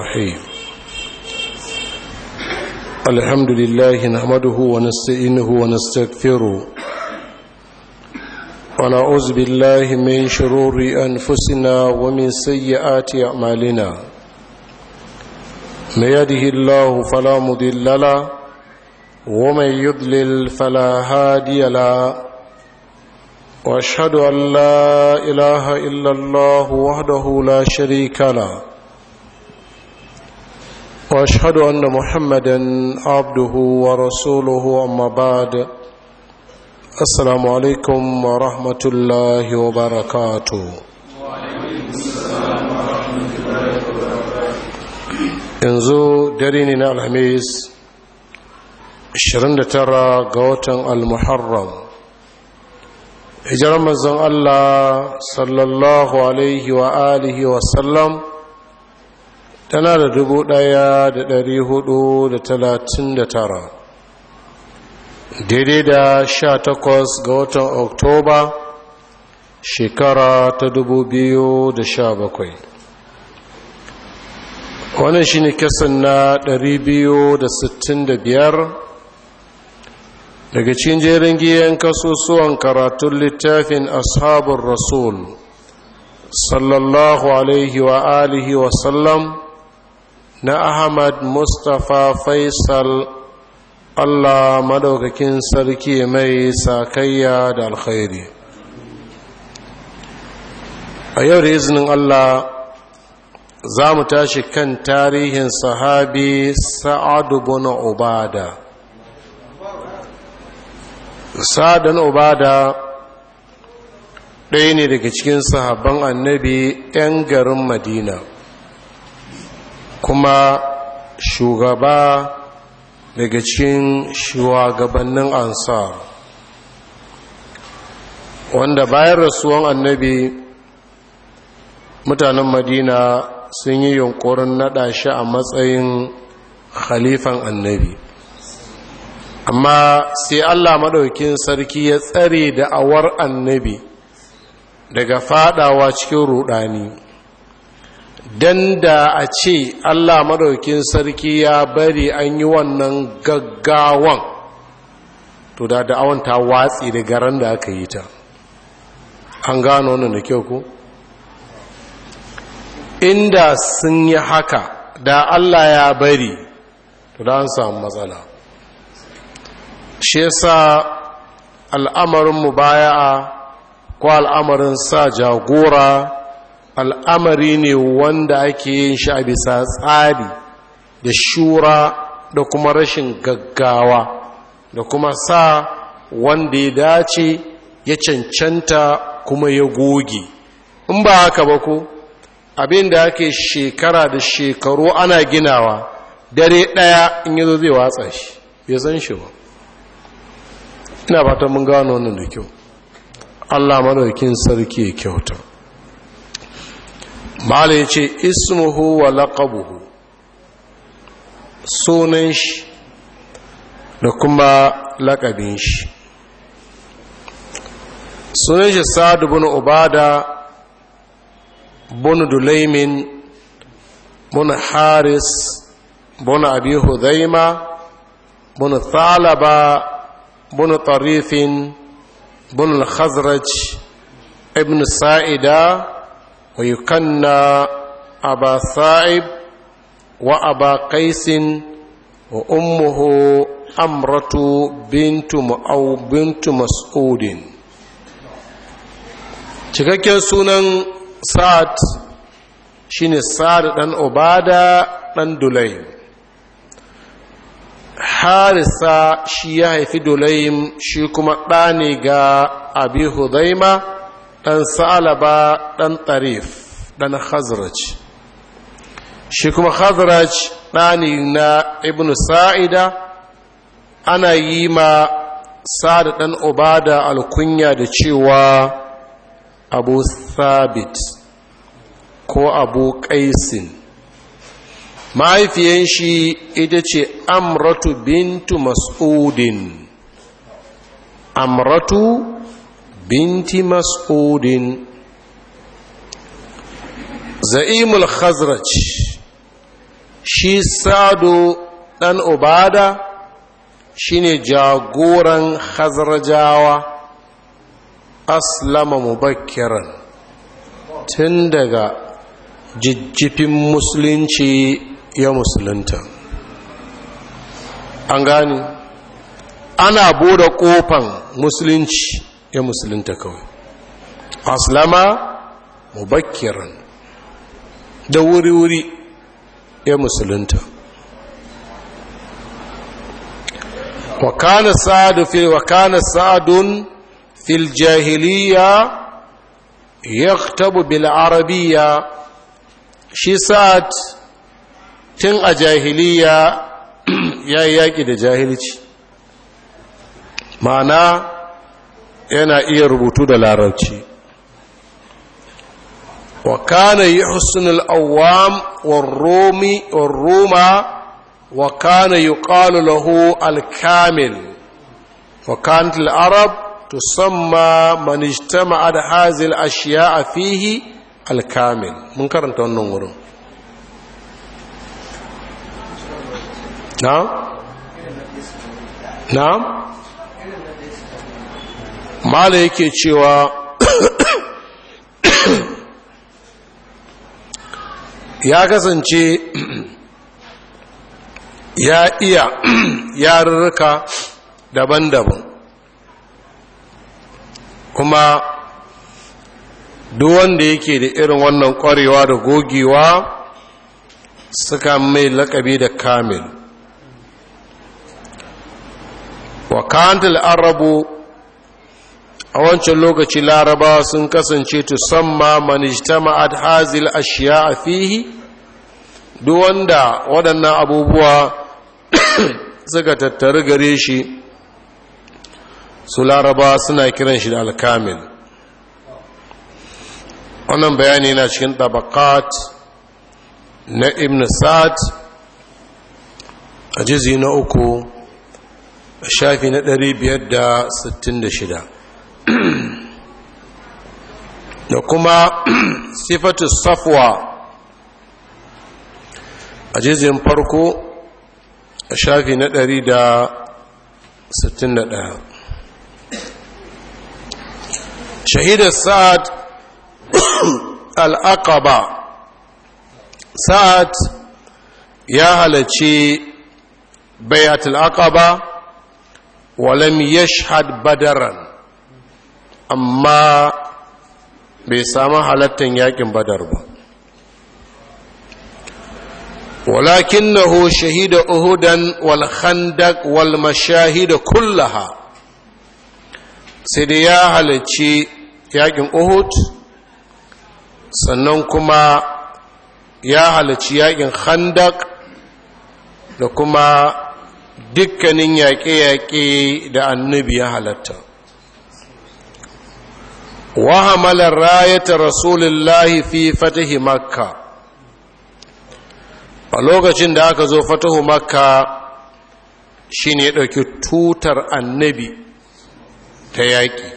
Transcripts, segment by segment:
الرحيم الحمد لله نحمده ونستئنه ونستغفره ونعوذ بالله من شرور أنفسنا ومن سيئات أعمالنا من يده الله فلا مضل له ومن يضلل فلا هادي له واشهد ان لا اله الا الله وحده لا شريك له واشهد ان محمدا عبده ورسوله اما بعد السلام عليكم ورحمه الله وبركاته yanzu dare ne na alhamis 29 ga watan al-muharram manzon allah sallallahu alaihi wa alihi wa sallam tana da dubu ɗaya da ɗari hudu da talatin da tara daidai da sha takwas ga watan oktoba shekara ta dubu biyu da sha bakwai wannan shi ne kisan na ɗari biyu da sittin da biyar daga cikin jerin giyan kasusuwan karatun littafin ashabun rasul sallallahu alaihi wa alihi wa sallam na ahmad mustapha faisal allah madaukakin sarki mai sakayya da alkhairi a yau da izinin allah za mu tashi kan tarihin sahabi sa'adu bin ubada sa'adun ubada ɗaya ne daga cikin sahabban annabi 'yan garin madina kuma shugaba daga cikin shugabannin ansar wanda bayan rasuwan annabi mutanen madina sun yi yunkurin naɗa shi a matsayin khalifan annabi amma sai allah maɗaukin sarki ya tsare da awar annabi daga fadawa cikin rudani don da a ce allah maɗaukin sarki ya bari an yi wannan gaggawan to da da'awan ta watsi da garan da aka yi ta an gano wannan da kyau ku inda sun yi haka da allah ya bari to da an samu matsala shi yasa al'amarin mubaya'a ko al'amarin sa jagora al'amari ne wanda ake yin shi a bisa tsari da shura da kuma rashin gaggawa da kuma sa wanda ya dace ya cancanta kuma ya goge in ba haka ba ko abin da ake shekara da shekaru ana ginawa dare ɗaya in zo zai watsa shi ya san shi ba ina fatan mun gano wannan da kyau Allah madaukin sarki ya kyauta mala ya ce ismuhu wa laqabuhu sunan shi da kuma laƙabin shi sunan shi sadu bin ubada bin dulaimin bin haris bin abi hudaima bin thalaba bin tarifin bin khazraj ibn sa'ida wa yukanna aba sa'ib wa aba qaisin wa ummuhu amratu bintu mas'udin cikakken sunan sa'ad shine sa'ad dan ubada dan dulaim harisa shi ya haifi dulaim shi kuma ɗa ga abi hudaima ɗan salaba ɗan tarif ɗan khazraj shi kuma khazraj ɗani na ibn sa'ida ana yi ma sa'ad ɗan obada alkunya da cewa abu Sabit ko abu ƙaisin mahaifiyan shi ita ce amratu bintu mas'udin amratu binti mas'udin za'imul khazraj shi sado ɗan ubada shine jagoran khazrajawa aslama mubakkiran tun daga jijjifin musulunci ya musulunta an gani ana bude kofan musulunci ya musulunta kawai aslama mubakiran da wuri-wuri ya musulunta wakana sa'adu fil wakana sa'adun fil jahiliya yaktabu bil arabiya shi sa'ad tun a jahiliya ya yi yaƙi da jahilci ma'ana yana iya rubutu da larabci wa kana yuhsin al-awwam war-rumi war-ruma wa kana lahu al-kamil fa arab tusamma man ijtama'a hadhihi Ashiya, ashyaa fihi al-kamil mun karanta wannan wurin na'am na'am mala yake cewa ya kasance ya iya yarurruka daban-daban kuma duk wanda yake da irin wannan kwarewa da gogewa suka mai lakabi da kamil wa kantil arabu a wancan lokaci laraba sun kasance tusamma ad hazil ashiya fihi duk wanda waɗannan abubuwa suka tattari gare shi su laraba suna kiran shi da alkamil wannan bayani na cikin tabakat na ibn sa'ad a jizi na uku a shafi na 566 da kuma sifatu safwa a jizin farko a shafi na ɗari da sittin da ɗaya. shahidar sa'ad al'aqaba sa'ad ya halarci bayat al'aqaba walam yashhad badaran amma bai samu halartar yakin badar ba walakin na ho shahida uhudan walhandak walmashahi da kullaha sai da ya halarci yakin uhud sannan kuma ya halarci yakin handak da kuma dukkanin yaƙe-yaƙe da annabi ya halatta wa hamala rayata rasulullahi fi fatahi makka a lokacin da aka zo fatahu makka shi ne ɗauki tutar annabi ta yaƙi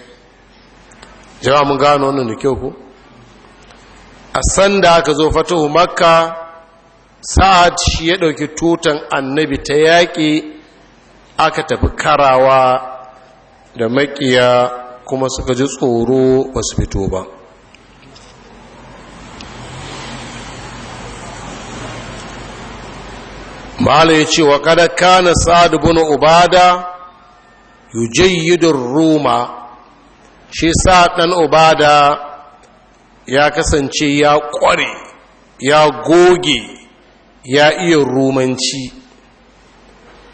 jama mun gano wannan da kyau ku a sanda aka zo fatahu makka sa'ad shi ya ɗauki tutan annabi ta yaƙi aka tafi karawa da maƙiya kuma suka ji tsoro ba su fito ba Malam ya ce wa kada kana sa'ad bin ubada yujayyidur ruma shi sa'ad dan ubada ya kasance ya kware ya goge ya iya rumanci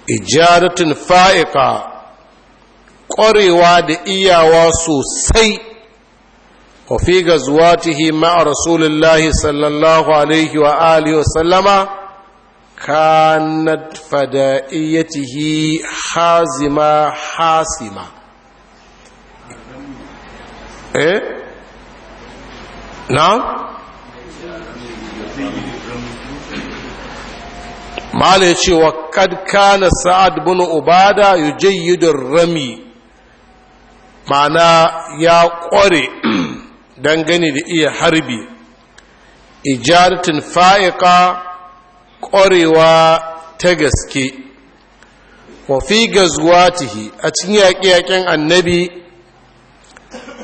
ijaratun fa'ika. ƙwarewa da iyawa sosai wa fi gazuwatihi ma'a rasulullahi sallallahu alaihi wa alihi wa sallama kanat fada'iyyatihi hazima hasima eh na ma ya ce wa kad kana sa'ad bin ubada yujayyidun rami ma'ana ya ƙware dangane da iya harbi ijaratin fa'iƙa ƙwarewa ta gaske wa fi gazuwatihi a cikin yaƙe-yaƙen annabi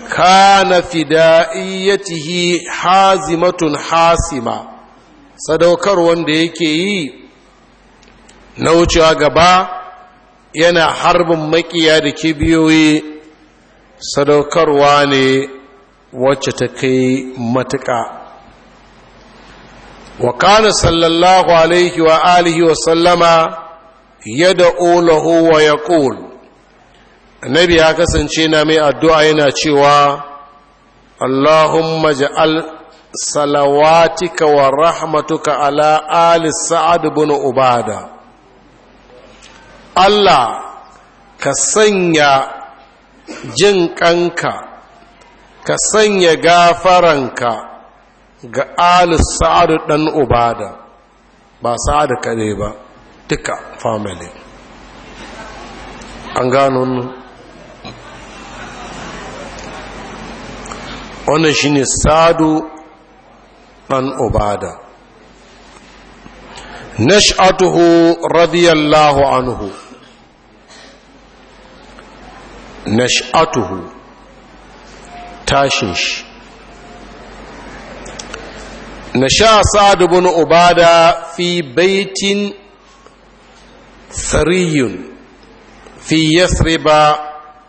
kana fida'iyyatihi hazimatun hasima sadaukar wanda yake yi na wucewa gaba yana harbin makiya da kibiyoyi sadaukarwa ne wacce ta kai matuƙa wa kana sallallahu alaihi wa alihi wa sallama yada lahu wa yaqul annabi ya kasance na mai addu'a yana cewa Allahumma ja'al salawatika wa rahmatuka ala ali sa'ad bin ubada Allah ka sanya jin kanka ka sanya gafaranka ga ali sa'adu dan ubada ba sa'adu kaɗai ba duka family an gano nun? wannan shine sa'adu dan ubada nash'atuhu radiyallahu anhu nash'atuhu tashin shi nasha sa'ad ibn ubada fi baitin sariyun fi yasriba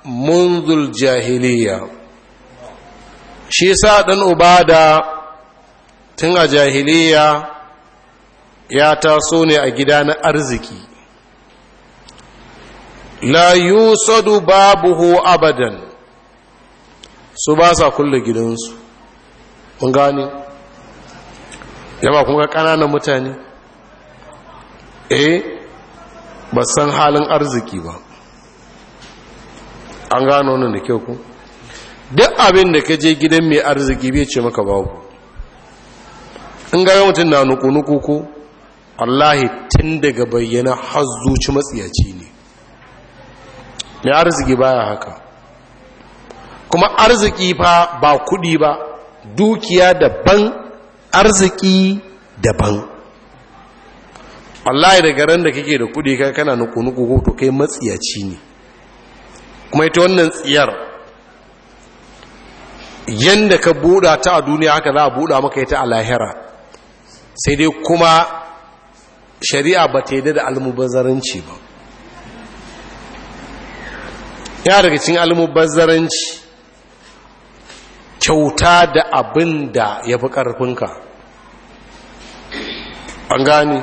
munzul jahiliya shi sa ɗan ubada tun a jahiliya ya taso ne a gida na arziki la babu babuhu abadan su ba kulle gidansu kun gane yaba kun ga ƙananan mutane ba san halin arziki ba an gano wannan da kyau ku duk abin da ka je gidan mai arziki bai ce maka babu in ga mutum na nukunuku nuku ko allahi tun daga bayyana har matsiyaci ne mai arziki baya haka kuma arziki fa ba kudi ba dukiya daban arziki daban wallahi daga ran da kake da kudi ka kana nuku-nuku ko to kai matsiyaci ne kuma ita wannan tsiyar yanda ka buɗa ta a duniya haka za a buɗa maka ita a lahira sai dai kuma shari'a ba ta yi da almubazaranci ba ya daga cin almubazzaranci kyauta da abin da ya fi ƙarfinka an gani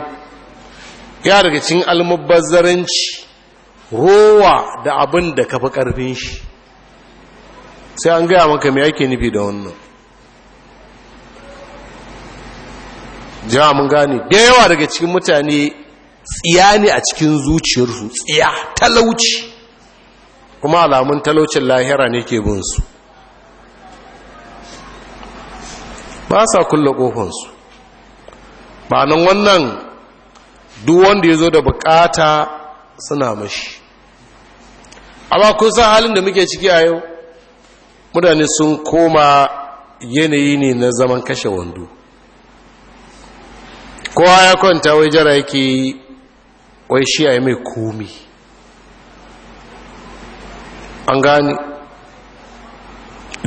ya daga cin almubazzaranci rowa da abin da ka fi ƙarfin shi sai an gaya maka mai ake nufi da wannan jama mun gane da yawa daga cikin mutane tsiya ne a cikin zuciyarsu tsiya talauci kuma alamun talaucin lahira ne ke binsu ba sa kulle ƙofansu ba wannan duk wanda ya zo da bukata suna mashi amma kun san halin da muke ciki a yau mutane sun koma yanayi ne na zaman kashe wando kowa ya kwanta wai jara yake wai shi a yi mai komi an gane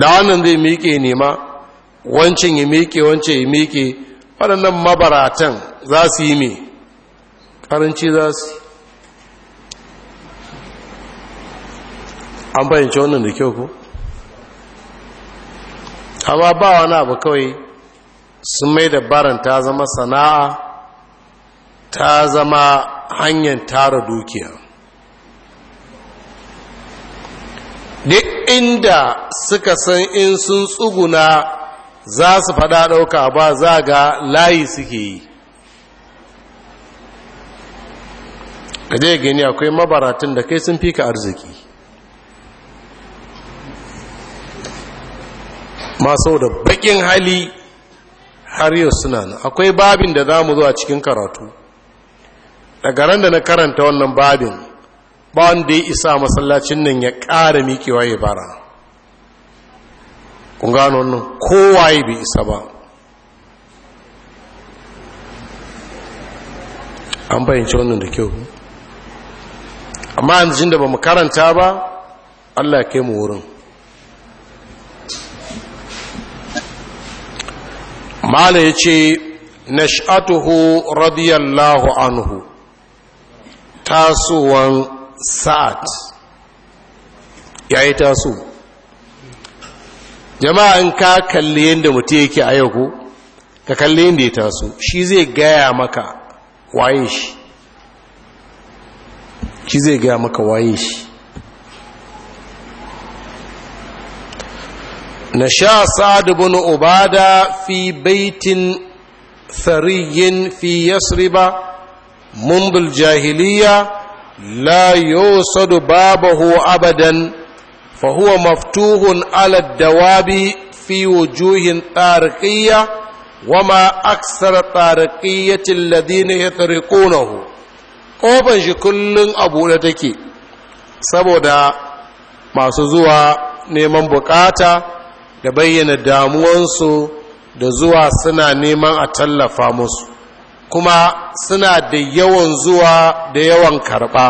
da wannan zai miƙe nema wancin ya miƙe wancin ya miƙe waɗannan mabaratan za su yi mai ƙaranci za su an fahimci wannan da kyau ku amma ba wani abu kawai sun mai da baran ta zama sana'a ta zama hanyar tara dukiya duk inda suka san in sun tsuguna za su fada ɗauka ba za ga layi suke yi ka je gani akwai mabaratun da kai sun fi ka arziki masu da bakin hali har yau suna nan akwai babin da za mu zo cikin karatu daga ran da na karanta wannan babin ba wanda ya isa masallacin nan ya ƙara miƙewa ya bara kun gano wannan kowaye bai isa ba an bayyance wannan da kyau amma yanzu da ba mu karanta ba allah ke mu wurin mala ya ce nash'atuhu radiyallahu anhu tasowan sa'ad ya yi taso jama'an ka kalli yadda mutum yake a yau ko ka kalli yadda ya taso shi zai gaya maka waye shi shi zai gaya maka waye shi na sha sa'ad bin ubada fi baitin ثري في يسرب mumbul jahiliya. la Babu babahu abadan fa huwa maftuhun ala dawabi fi wujuhin tariqiyya wama aksara tariqiyyati alladhina yatriqunahu kofan shi kullun abu da take saboda masu zuwa neman buƙata da bayyana damuwansu da zuwa suna neman a tallafa musu kuma suna da yawan zuwa da yawan karɓa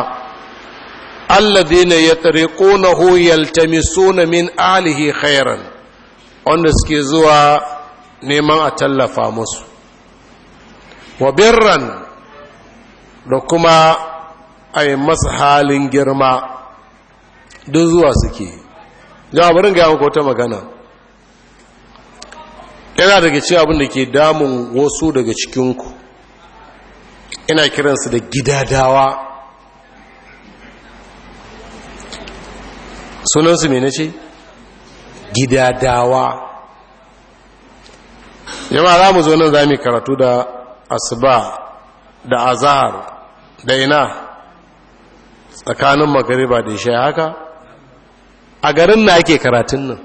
alladhina yatriqunahu yaltamisuna min alihi khairan wanda suke zuwa neman a tallafa musu wa birran da kuma a yi masa halin girma duk zuwa suke jama'a barin ga yawon wata magana yana daga ci abin da ke damun wasu daga cikinku ina kiransu da gidadawa sunansu mai na ce gidadawa yamma za mu zo nan za mu karatu da asuba da azahar da ina tsakanin magariba da ishe haka a garin na ake karatun nan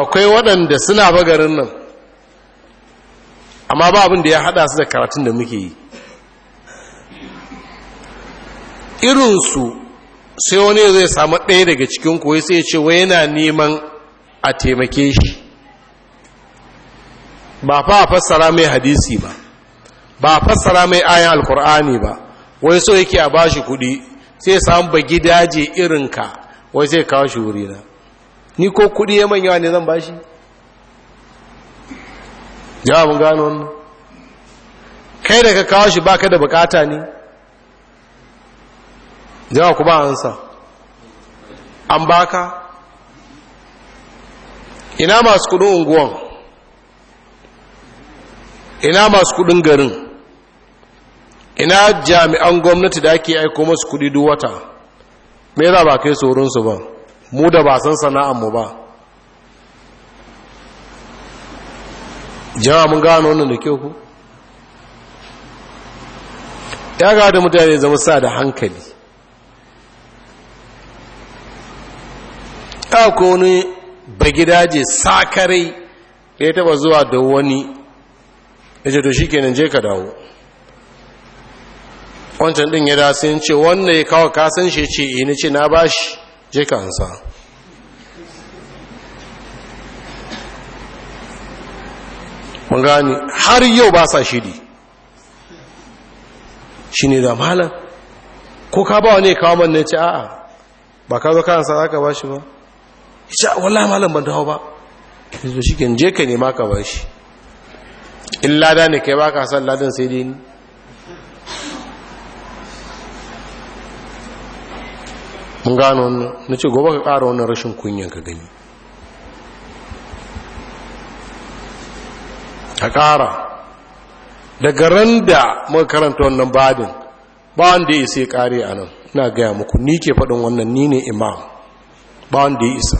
akwai waɗanda suna ba garin nan amma ba abin da ya hada su da karatun da muke yi irinsu sai wani zai samu ɗaya daga cikin koyi sai ce wai yana neman a taimake shi ba fa fassara mai hadisi ba ba a fassara mai ayan alkur'ani ba wai so yake a bashi kuɗi sai samu ba gidaje irinka wai sai kawo shi wurina ni ko kuɗi ya manyawa ne zan bashi shi jama'a mun gano wannan kai da ka kawo shi baka da bukata ne jama'a kuma ansa an baka ina masu kudin unguwan ina masu kudin garin ina jami'an gwamnati da ake aiko masu kudi duwata? wata me za ba kai tsoronsu ba mu da ba san sana'anmu ba jawa mun gano wannan da kyau ku ya ga da mutane zama sa da hankali ta ko wani bagidaje sakarai da ya taba zuwa da wani ya ce to shi kenan je ka dawo wancan din ya da sai ce wannan ya kawo kasan shi ce ina eh, ce na bashi je ka ansa mun gani har yau ba sa shiri shi ne da malam ko ka ba wani kawo man ne ce a'a ba ka zo kansa za ka ba shi ba isha wallah malam ban dawo ba yanzu shi kan je ka nema ka ba shi in lada ne kai ba ka san ladan sai dai ni mun gano wannan na ce gobe ka ƙara wannan rashin kunyan ka gani ta ƙara daga ran da karanta wannan badin ba wanda ya isa ya ƙare a nan na gaya muku ni ke faɗin wannan ni ne imam ba wanda ya isa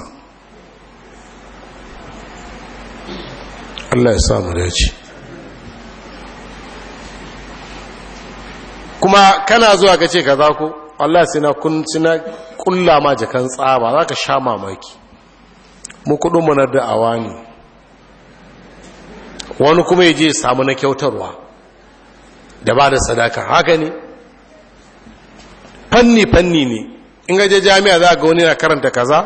Allah ya samu dace kuma kana zuwa ka ce ka za ku Allah sina kun kulla ma jakan tsaba za ka sha mamaki mu kuɗin mu na da'awa ne wani kuma ya je ya samu na kyautarwa da ba da sadaka haka ne fanni-fanni ne in gaje jami'a za ga wani yana karanta kaza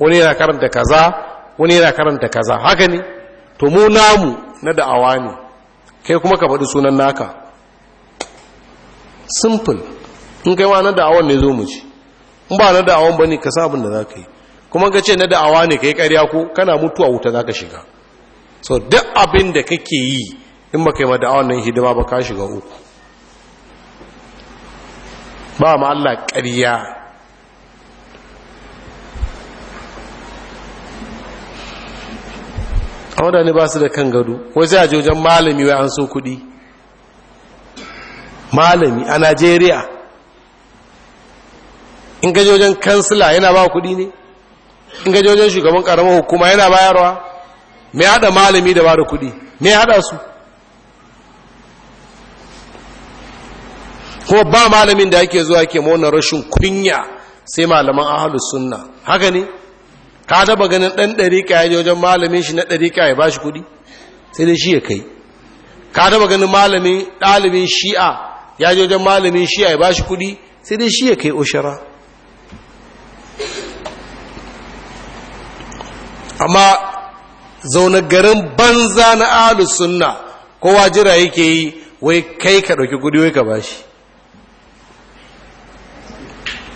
wani yana karanta kaza wani yana karanta kaza haka ne to mu namu na da'awa ne kai kuma ka faɗi sunan naka simple in kai ma na da'awa ne zo mu ci in ba na da'awan ba ne ka sa abin da za ka yi kuma ga ce na da'awa ne ka yi ƙarya ko kana mutuwa wuta za ka shiga so duk abin da kake yi in baka yi mada'a wannan hidima ba ka shiga uku ba ma Allah ƙarya a waɗanda ba su da kan gado wasu a jojen malami wai an so kuɗi malami a najeriya in gajojen kansila yana ba kuɗi ne in gajojen shugaban ƙaramin hukuma yana bayarwa me hada malami da bada kuɗi me hada su ko ba malamin da ake zuwa ke mona rashin kunya sai malaman ahalus sunna haka ne ka taba ganin ɗan dariƙa ya je wajen malamin shi na dariƙa ya ba shi kuɗi sai dai shi ya kai ka taba ganin malamin ɗalibin shi'a ya je wajen malamin shi'a ya ba shi kuɗi sai dai shi ya kai ushara amma zaune garin banza na alus sunna kowa jira yake yi wai kai ka ɗauki kudi wai ka shi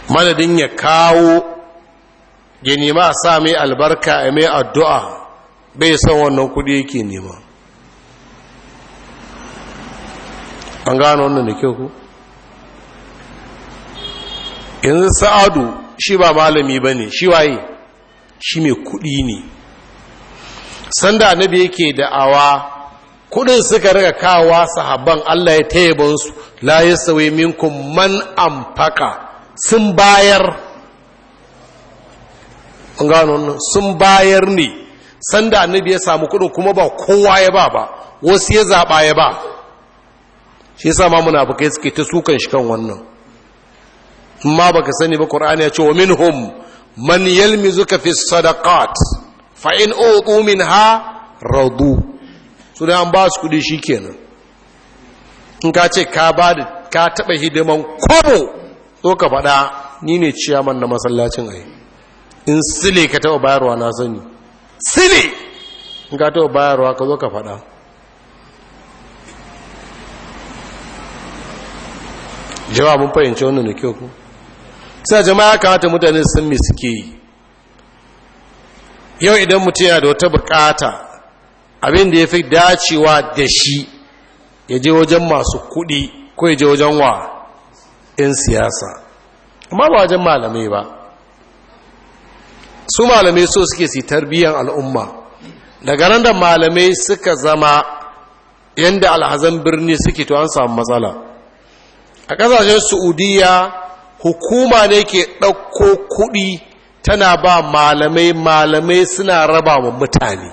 madadin ya kawo ya nema a sa mai albarka a mai addu'a bai san wannan kudi yake nema an gano wannan da kyau ku yanzu sa'adu shi ba malami ba ne shi waye shi mai kudi ne sanda annabi yake da'awa kudin suka riga kawa sahabban Allah ya taya su la yasawi minkum man amfaka sun bayar sun bayar ne sanda annabi ya samu kudin kuma ba kowa ya ba ba wasu ya zaba ya ba shi yasa ma munafikai suke ta sukan shi kan wannan amma baka sani ba qur'ani ya ce wa minhum man yalmizuka fi sadaqat fa in min ha radu su da an ba su kudi kenan. in ka ce ka ba da ka taba hidiman kobo so ka faɗa ni ne ciyaman na masallacin ai in sile ka taba bayarwa na sani sile in ka taba bayarwa ka zo ka faɗa Jawabin fahimci wannan da kyau ku sai jama'a kamata mutane sun miski yau idan mutum yana da wata bukata abin da ya fi dacewa da shi ya je wajen masu kuɗi ko ya je wajen wa 'yan siyasa amma ba wajen malamai ba su malamai so suke si tarbiyyar al'umma daga nan da malamai suka zama yadda alhazan birni suke to an samu matsala a ƙasashen Suudiyya hukuma ne ke ɗauko kuɗi tana ba malamai malamai suna raba wa mutane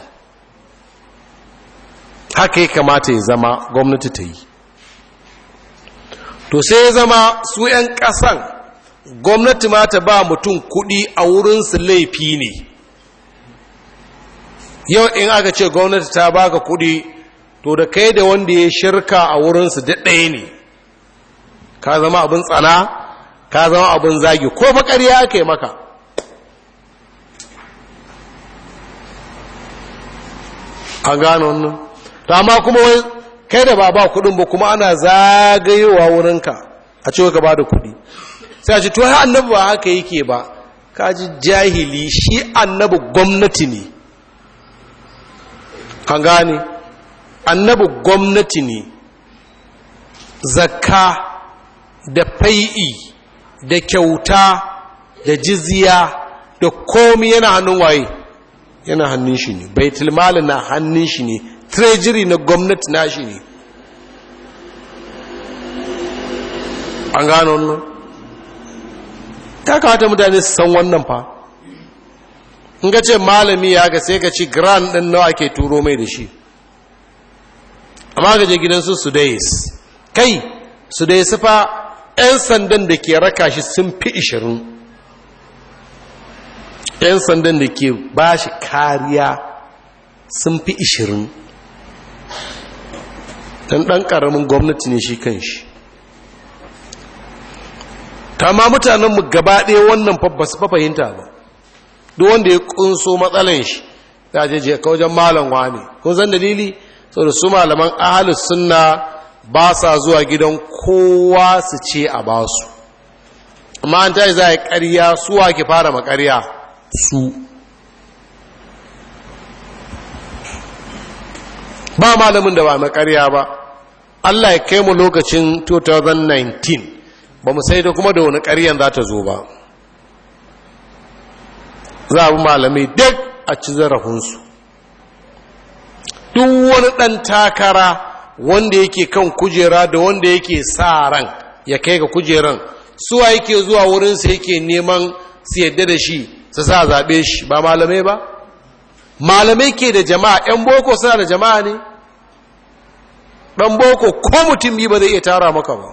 haka ya kamata ya zama gwamnati ta yi to sai ya zama su 'yan ƙasan gwamnati ma ta ba mutum kuɗi a wurinsu laifi ne yau in aka ce gwamnati ta baka kuɗi to da kai da wanda ya shirka a wurinsu da ɗaya ne ka zama abin tsana ka zama abin zagi ko fa ya aka yi maka an gano wannan to amma kuma wai kai da ba ba kudin ba kuma ana zagayowa wurinka a ce ka ba da kudi sai a ce to ya annabi ba haka yake ba kaji jahili shi annabi gwamnati ne an gane annabi gwamnati ne zakka da fai'i da kyauta da jiziya, da komi yana hannun waye yana hannun shi ne Bai mali na hannun shi ne treasury na gwamnati na shi ne an gano wannan ta kawata mutane su san wannan fa in ga ce malami ya ga sai ka ci grand ɗin nawa ke turo mai da shi amma ga je gidansu su dais kai su dais fa 'yan sandan da ke raka shi sun fi ishirin 'yan sandan da ke ba shi kariya sun fi ishirin don ɗan ƙaramin gwamnati ne shi kan shi Ta ma mutanenmu gaba ɗaya wannan ba su fahimta ba duk wanda ya ƙunso matsalan shi ta je je kawajen malon wani kun san dalili sau da su malaman ahalus suna ba sa zuwa gidan kowa su ce a basu amma an ta yi za a yi ƙarya wa ke fara makarya su ba malamin da ba na karya ba allah ya kai mu lokacin 2019 ba mu sai da kuma da wani karyan za ta zo ba za a bi malamai duk a ci zarafinsu duk wani ɗan takara wanda yake kan kujera da wanda yake sa ran ya kai ga kujeran suwa yake zuwa wurinsa yake neman su yadda da shi su sa zaɓe shi ba malamai ba malamai ke da jama'a ɗan boko suna da jama'a ne ɗan boko ko mutum yi ba zai iya tara maka ba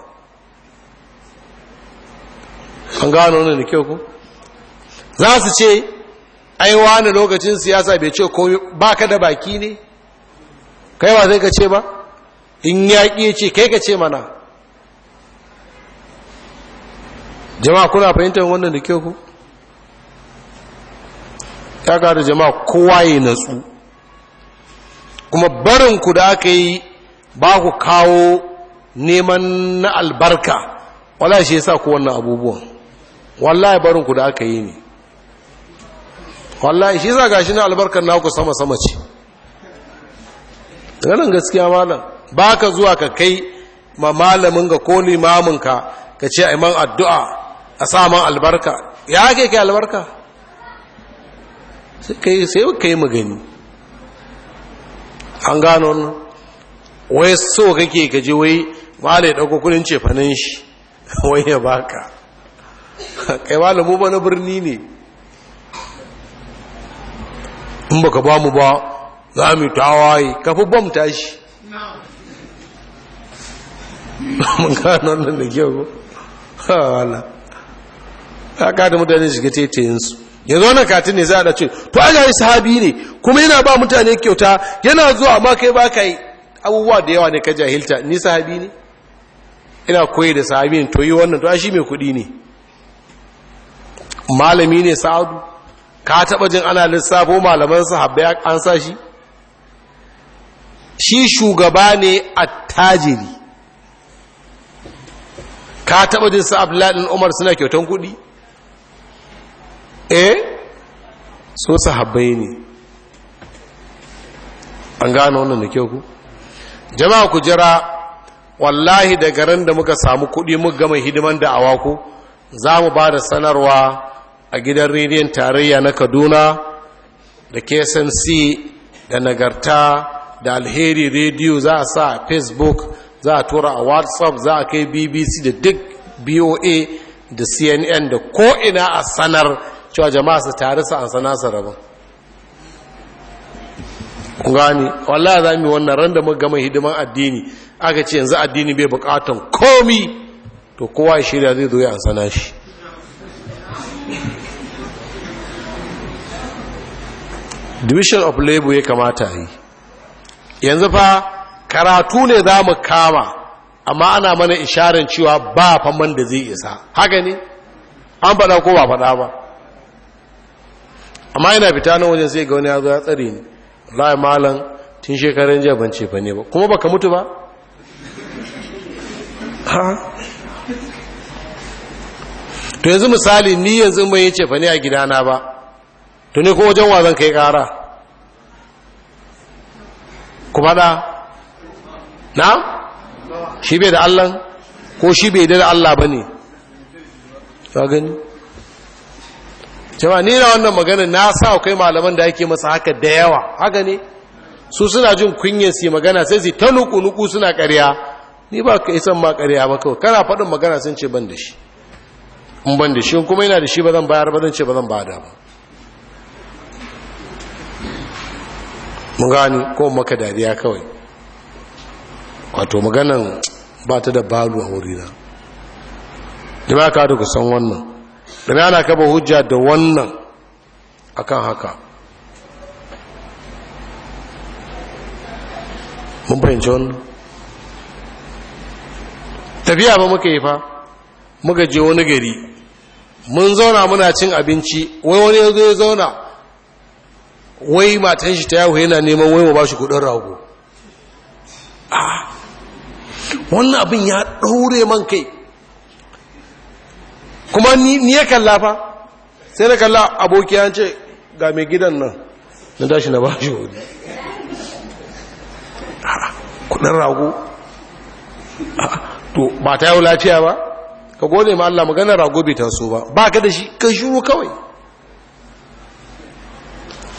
an gano wani da kyau ku za su ce aiwa na lokacin siyasa bai ce ko ba ka da baki ne ba zai ka ce ba in yaƙi ce kai ka ce mana jama'a kuna fahimtar wannan da kyau ku ya gada jama'a kowa ya natsu kuma barinku da aka yi ba ku kawo neman na albarka wala shi yasa ku wannan abubuwan wallahi barinku da aka yi ne wallahi shi yasa gashi na albarkar naku sama sama ce ganin gaskiya malam ba ka zuwa ka kai ma malamin ga ko limamin ka ka ce a iman addu'a a saman albarka ya ake kai albarka sai ka yi magani an gano nan wai so kake gaji wai ya ɗauko kudin cefanin shi wai ya baka kai malamu ba na birni ne in baka ba mu ba za mu tawaye kafin bam tashi mun gano nan da kyau ha wala ya kada mutane shiga tetayensu yanzu na katin ne za a ce to a yi sahabi ne kuma yana ba mutane kyauta yana zuwa amma kai ba ka yi abubuwa da yawa ne ka jahilta ni sahabi ne ina koyi da sahabi to yi wannan to shi mai kuɗi ne malami ne sa'adu ka taɓa jin ana lissafo malaman sahabbai an sa shi shi shugaba ne attajiri ka taɓa jin sa'ab abdullahi umar suna kyautan kuɗi eh so sahabbai ne an gane wannan da kyau ku jama'a ku jira wallahi daga ran da muka samu kuɗi muka gama hidiman da ku. za mu ba da sanarwa a gidan rediyon tarayya na kaduna da ksmc da nagarta da alheri rediyo za a sa a facebook za a tura a whatsapp za a kai bbc da duk boa da cnn da ko'ina a sanar cewa jama'a su tare su an sana su rabin gani wallahi za mu wannan ran da mu gama hidiman addini aka ce yanzu addini bai bukatan komi to kowa shirya zai zo ya an sana shi division of labor ya kamata yi yanzu fa karatu ne za mu kama amma ana mana isharin cewa ba famman da zai isa haka ne an faɗa ko ba faɗa ba amma yana fita nan wajen sai ga wani ya zo ya tsari ne wallahi malam tun shekaran jiya ban ce ne ba kuma baka mutu ba ha to yanzu misali ni yanzu mai yi ce ne a gidana ba to ne ko wajen wa kai kara kuma da na shi bai da allan ko shi bai da allah ba ne ta gani cewa ni na wannan magana na sa akwai malaman da yake masa haka da yawa haka ne su suna jin kunyan su magana sai su ta nuku nuku suna ƙarya ni ba ka isan ma ƙarya ba kawai kana faɗin magana sun ce ban da shi in ban da shi kuma yana da shi ba zan bayar ba zan ce ba zan bada ba mun gani ko maka dariya kawai wato maganan ba ta da balu a wurina ni ba ka da kusan wannan domin ana kaba hujja da wannan akan haka mun fahimci wannan tafiya ba muka yi fa muka je wani gari mun zauna muna cin abinci wai wani ya zo ya zauna wai matan shi ta yawo yana neman wai mu ba shi kudin rago ah, wannan abin ya ɗaure man kai kuma ni ya kalla fa sai na kalla aboki an ce ga mai gidan nan na dashi na ba shi hudu kudin rago to ba ta yau lafiya ba ka gode ma Allah maganar rago bai taso ba ba ka da shi ka shuru kawai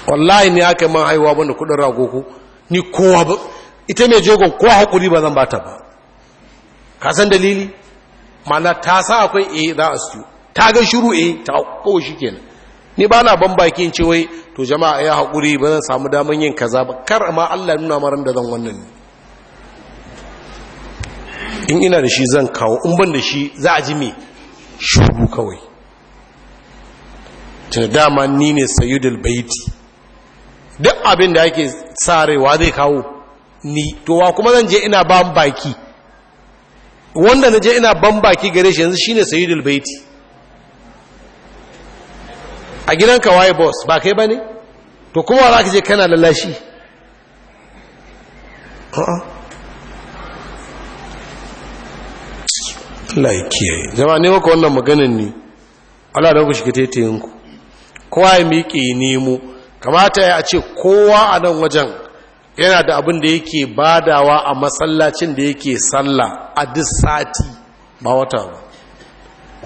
wallahi ne aka man haihuwa banda kudin rago ku ni kowa ba ita mai jegon kowa hakuri ba zan bata ba ka san dalili mana ta sa akwai e za a siyo ta ga shiru e ta kawo shi kenan ni ba na ban bakin ce wai to jama'a ya haƙuri ba zan samu damar yin kaza ba kar ma Allah nuna maran da zan wannan ne in ina da shi zan kawo in ban da shi za a ji me shuru kawai tana dama ni ne sayyidul baiti duk abin da ake sarewa zai kawo ni to wa kuma zan je ina ban baki wanda na je ina ban baki gare shi yanzu shine sayyidul baiti a gidanka waye boss ba kai bane to kuma za ka je kana lallashi Allah yi kiyaye jama'a ne maka wannan maganin ne Allah da ku shiga taitayin ku kowa ya miƙe nemo kamata ya ce kowa a nan wajen yana da abin da yake badawa a masallacin da yake sallah a duk sati ba wata ba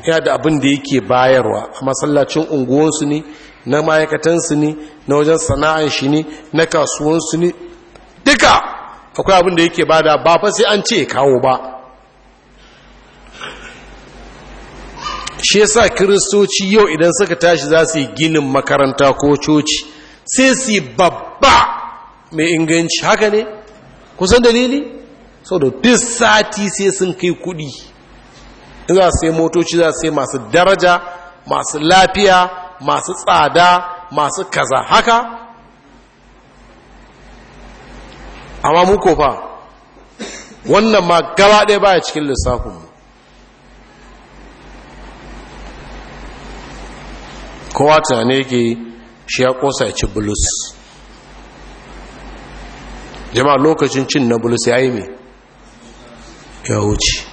yana da abin da yake bayarwa a masallacin unguwarsu ne na ma'aikatansu ne na wajen sana'an shi ne na kasuwansu ne duka akwai abin da yake bada ba fa sai an ce kawo ba shi yasa kiristoci yau idan suka tashi za su yi ginin makaranta ko coci sai su yi babba mai inganci haka ne kusan dalili sau da duk sati sai sun kai kudi za su yi motoci za su yi masu daraja masu lafiya masu tsada masu kaza haka amma muku fa wannan ma gaba ɗaya baya cikin lissafin mu kowa tunanin yake shi ya kosa ya ci bulus jama'a lokacin cin na bulus ya yi mai ya wuce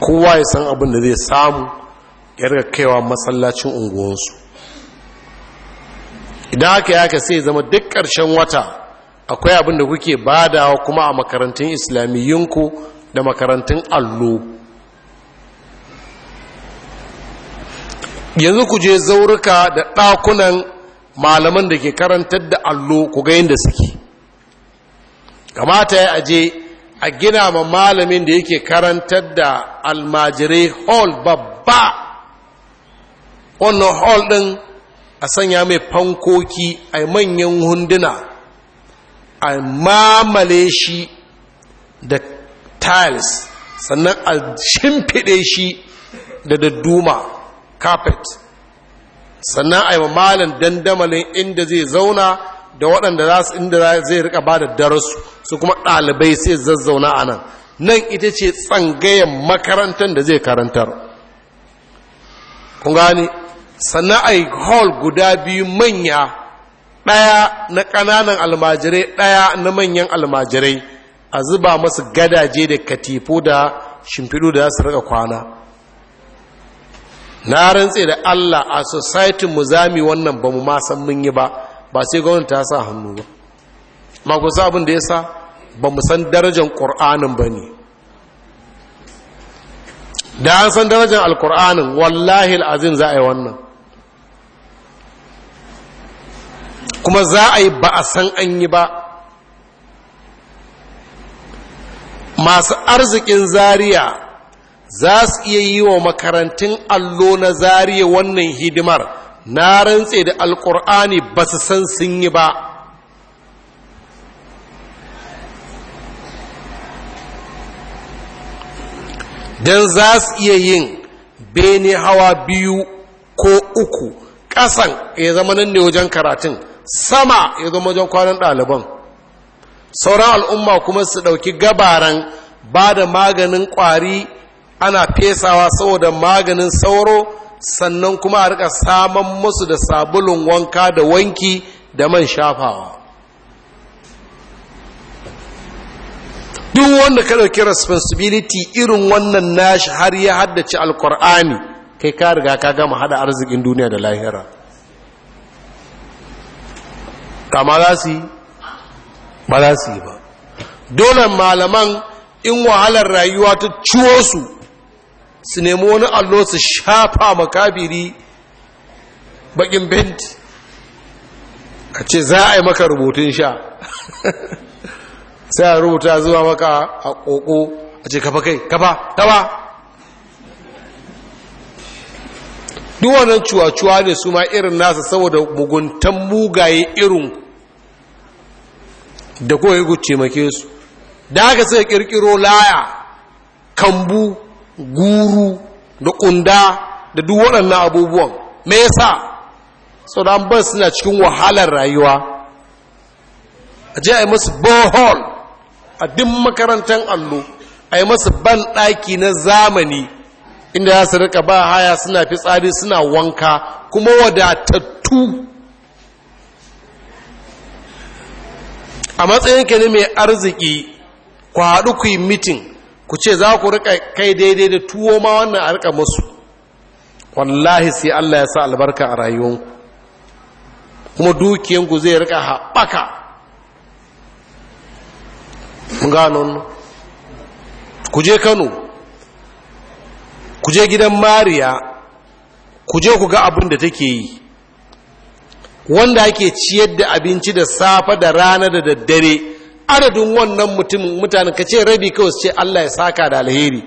kowa ya san abin da zai samu ya daga kaiwa matsalacin unguwansu idan haka ya ka sai zama duk ƙarshen wata akwai abin da kuke badawa kuma a makarantun islamiyyinku da makarantun allo yanzu ku je zaurika da ɗakunan malaman da ke karantar da allo ku ga yadda suke kamata ya aje a gina ma malamin da yake karantar da almajirai hall babba wannan hall ɗin a sanya mai fankoki a manyan hunduna a mamale shi da tiles sannan a shimfiɗe shi da dadduma carpet sannan a yi malin dandamalin inda zai zauna da waɗanda za su inda zai rika ba da darasu su kuma ɗalibai sai zazzauna a nan nan ita ce tsangayen makarantar da zai karantar ƙungani sannan a yi hall guda biyu manya ɗaya na ƙananan almajirai ɗaya na manyan almajirai a zuba masu gadaje da katifu da shimfiɗu da za su rika kwana na rantse da Allah a society mu zami wannan ba mu ma san mun yi ba ba sai gwamnati ta sa hannu ba ma ku abin da ya sa ba mu san darajar ƙur'anin ba ne da an san darajar alƙur'anin wallahi azim za a yi wannan kuma za a yi ba a san an yi ba masu arzikin zariya za su iya yi wa makarantun allo na zariya wannan hidimar na rantse da alkur'ani ba su san sun yi ba don za su iya yin bene hawa biyu ko uku ƙasan ya zama nan ne wajen karatun sama ya zama wajen kwanan ɗaliban sauran al'umma kuma su ɗauki gabaran ba da maganin ƙwari ana fesawa saboda maganin sauro sannan kuma a rika saman musu da sabulun wanka da wanki da man shafawa duk wanda ka dauki responsibility irin wannan nashi har ya haddace alkur'ani kai ka riga ka gama hada arzikin duniya da lahira kama za su yi ba za su yi ba dole malaman in wahalar rayuwa ta ciwo su su nemi wani allo su shafa makabiri bakin bent a ce za a yi maka rubutun sha sai a rubuta zuwa maka a ƙoƙo a ce kafa kai kafa kafa duwannan cuwa-cuwa ne su ma irin nasa saboda muguntan mugaye irin da kowai guce make su da haka sai kirkiro laya kambu guru da ƙunda da duk waɗannan abubuwan me yasa sau da suna cikin wahalar rayuwa a je a yi masu bohol a duk makarantar allo a yi masu ban ɗaki na zamani inda ya su rika ba haya suna fitsari suna wanka kuma wadatattu a matsayinka ne mai arziki ku haɗu ku mitin ku ce za ku rika kai daidai da tuwo ma wannan a rika musu wallahi sai Allah ya sa albarka a rayuwanku kuma dukiyanku zai rika haɓaka ganon ku je kano ku je gidan mariya ku je ku ga abin da take yi wanda ake ciyar da abinci da safe da rana da daddare adadin wannan mutumin mutanen ka ce rabi kawai su ce Allah ya saka da alheri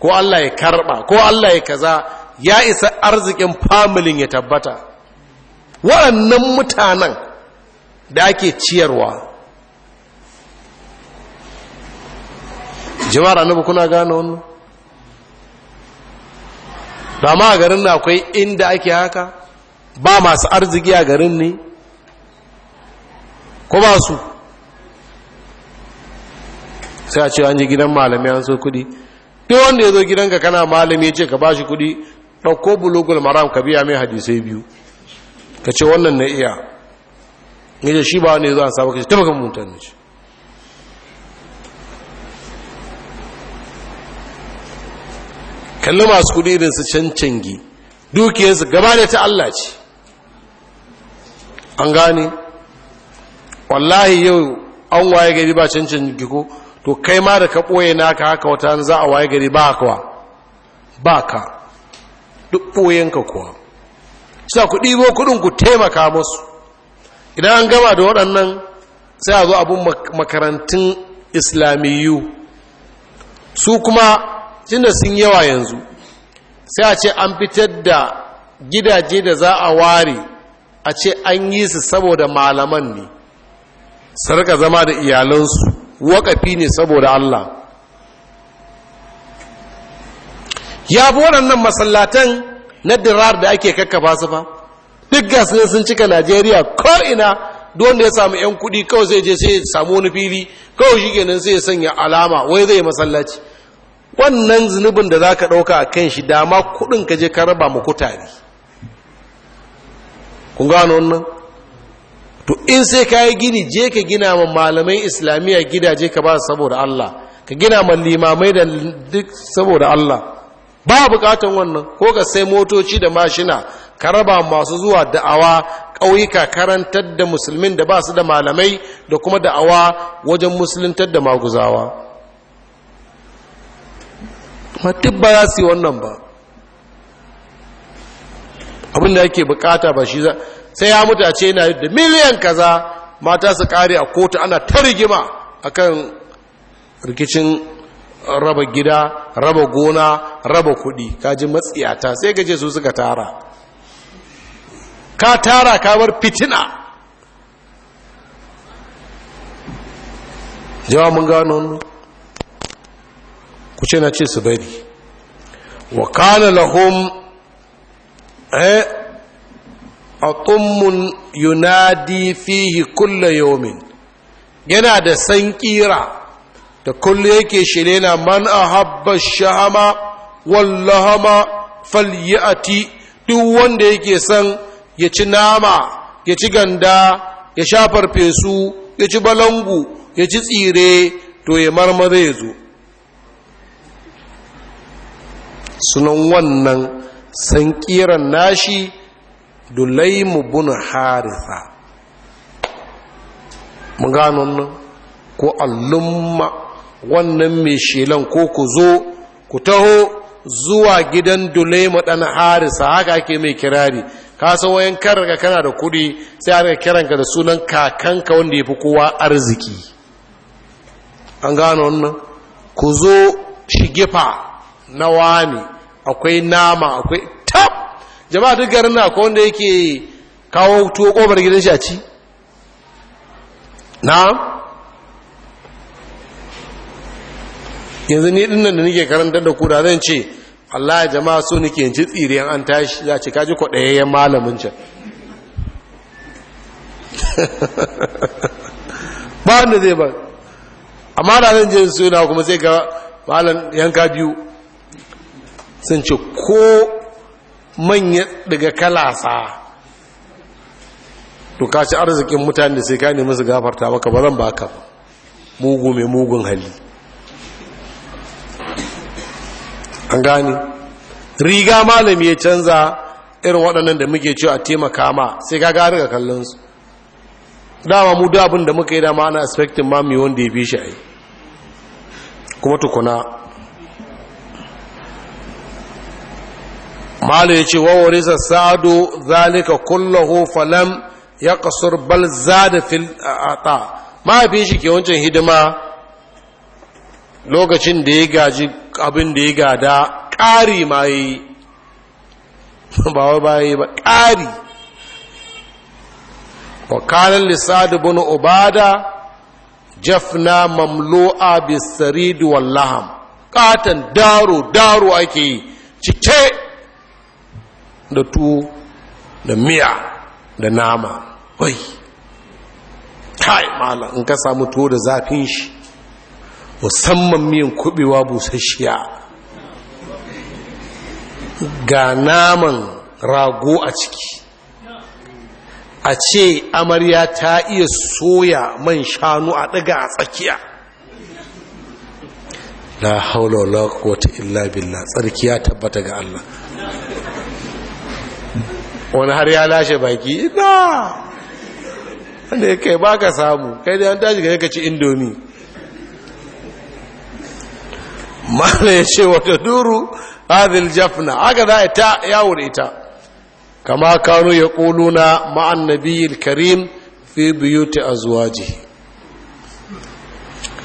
ko Allah ya karba ko Allah ya kaza ya isa arzikin familin ya tabbata waɗannan mutanen da ake ciyarwa jimara na kuna gane wannan ba ma a garin na akwai inda ake haka ba masu arziki a garin ne ko ba su sai a ce an ji gidan malami an so kuɗi duk wanda ya zo gidanka kana malami ya ce ka bashi shi kuɗi ɗauko bulugul maram ka biya mai hadisai biyu ka ce wannan na iya ya shi ba wani ya zo a samu ka ce tabakan mutane shi kalli masu kuɗi irin su cancangi dukiyarsu gaba da ta Allah ce an gane wallahi yau an waye gari ba cancangi ko to kai ma da ka ɓoye naka haka wata za a waye gari ba kawa ba ka duk ɓoyenka kuwa sa ku ɗibo kuɗin ku taimaka musu idan an gama da waɗannan sai a zo abin makarantun islamiyu su kuma tunda sun yawa yanzu sai a ce an fitar da gidaje da za a ware a ce an yi su saboda malaman ne su zama da iyalansu waƙafi ne saboda Allah ya fi waɗannan masallatan na dirar da ake kakkafa su fa duk gasu sun cika najeriya ko'ina don da ya samu 'yan kudi kawai zai je sai ya samu wani fili kawai shi kenan sai ya sanya alama wai zai masallaci wannan zunubin da za ka ɗauka a kan shi dama kudin ka je ka raba mu kutare kun gano wannan to in sai ka yi gini je ka gina ma malamai islamiyya gidaje ka ba saboda Allah ka gina ma limamai da duk saboda Allah ba bukatan wannan ko ka sai motoci da mashina ka raba masu zuwa da'awa ƙauyuka karantar da musulmin da ba su da malamai da kuma da'awa wajen musuluntar da maguzawa matib ba za su yi wannan ba abin da yake bukata ba shi za sai ya mutu a ce yana yadda miliyan kaza mata su kare a kotu ana ta rigima a kan rikicin raba gida raba gona raba kudi kaji matsiyata sai gaje su suka tara ka tara kamar fitina jawa mun gano ku ce na ce su bari wa kana lahum eh atummun yunadi fihi kulla yawmin yana da sankira da kullu yake shirena man ahabba shahama wallahama ati, duk wanda yake san ya ci nama ya ci ganda ya sha farfesu ya ci balangu ya ci tsire to ya marmara ya zo sunan wannan sankiran nashi dulaimu bin haritha mun gano nan ko allumma wannan mai shelan ko ku zo ku taho zuwa gidan dulaimu dan harisa haka ake mai kirari ka san wayan karka kana da kuɗi sai aka kiranka da sunan kakanka wanda ya fi kowa arziki an gano wannan ku zo shigifa na wani akwai nama akwai jama'a duk garin na ko wanda yake kawo tuwo kobar gidan shi a ci na yanzu ni dinnan da nike karantar da ku da zan ce Allah jama'a so nike yin ji an tashi za ce kaji ko kwaɗayayyen malamin can ba wanda zai ba amma da zan je suna kuma sai ga malam yanka biyu sun ce ko manya daga kalasa to ka ci arzikin mutane sai ka nemi su gafarta maka ba zan baka mugu mai mugun hali an gane riga malami ya canza irin waɗannan da muke cewa taimaka ma sai ka gari ga kallonsu dama mu da abin da muka yi dama ana aspektin ma da wanda ya bi shi a yi kuma tukuna malu ya ce wawarisa sa'adu zalika kullahu falam ya kasur bal zada fil ata mahaifin shi ke wancan hidima lokacin da ya gaji abin da ya gada ƙari ma yi ba wa yi ba ƙari wakanin lissadu bin ubada jafna mamlu'a bisaridu wallaham ƙatan daro daro ake yi cike da tuwo da miya da nama wai kai mala in ka samu tuwo da zafin shi musamman miyan kubewa busasshiya ga naman rago a ciki a ce amarya ta iya soya man shanu a ɗaga a tsakiya la haula la quwwata illa billah tsarkiya tabbata ga Allah wani har ya lashe baki ina wanda ya kai baka samu kai da an tashi ga ka ci indomi mana ya ce wata duru hadil jafna aka za a ta yawo da ita kama kanu ya ƙuluna ma'an nabiyil karim fi biyuti azwaji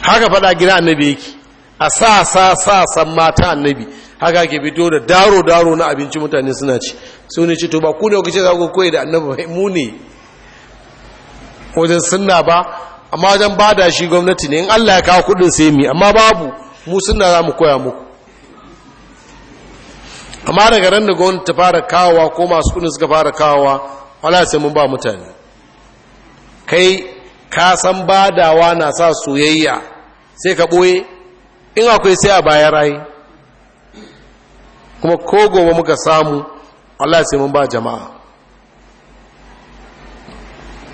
haka faɗa gina annabi yake a sa sa sa san mata annabi haka ke fito da daro daro na abinci mutane suna ci su ne ce to ba ku ne kuka ce za ku koyi da annabi mu ne wajen sunna ba amma wajen ba da shi gwamnati ne in Allah ya kawo kudin sai mi amma babu mu sunna za mu koya muku amma daga ran da gwamnati ta fara kawowa ko masu kudin suka fara kawowa wala sai mun ba mutane kai ka san badawa na sa soyayya sai ka boye in akwai sai a bayan rai kuma ko gobe muka samu Allah sai mun ba jama'a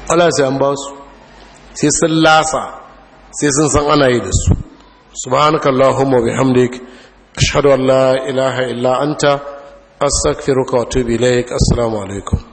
Allah sai an ba su sai sun lasa sai sun san ana yi da su subhanakallahumma bihamdik ashhadu an la ilaha illa anta astaghfiruka wa atubu ilaik assalamu alaikum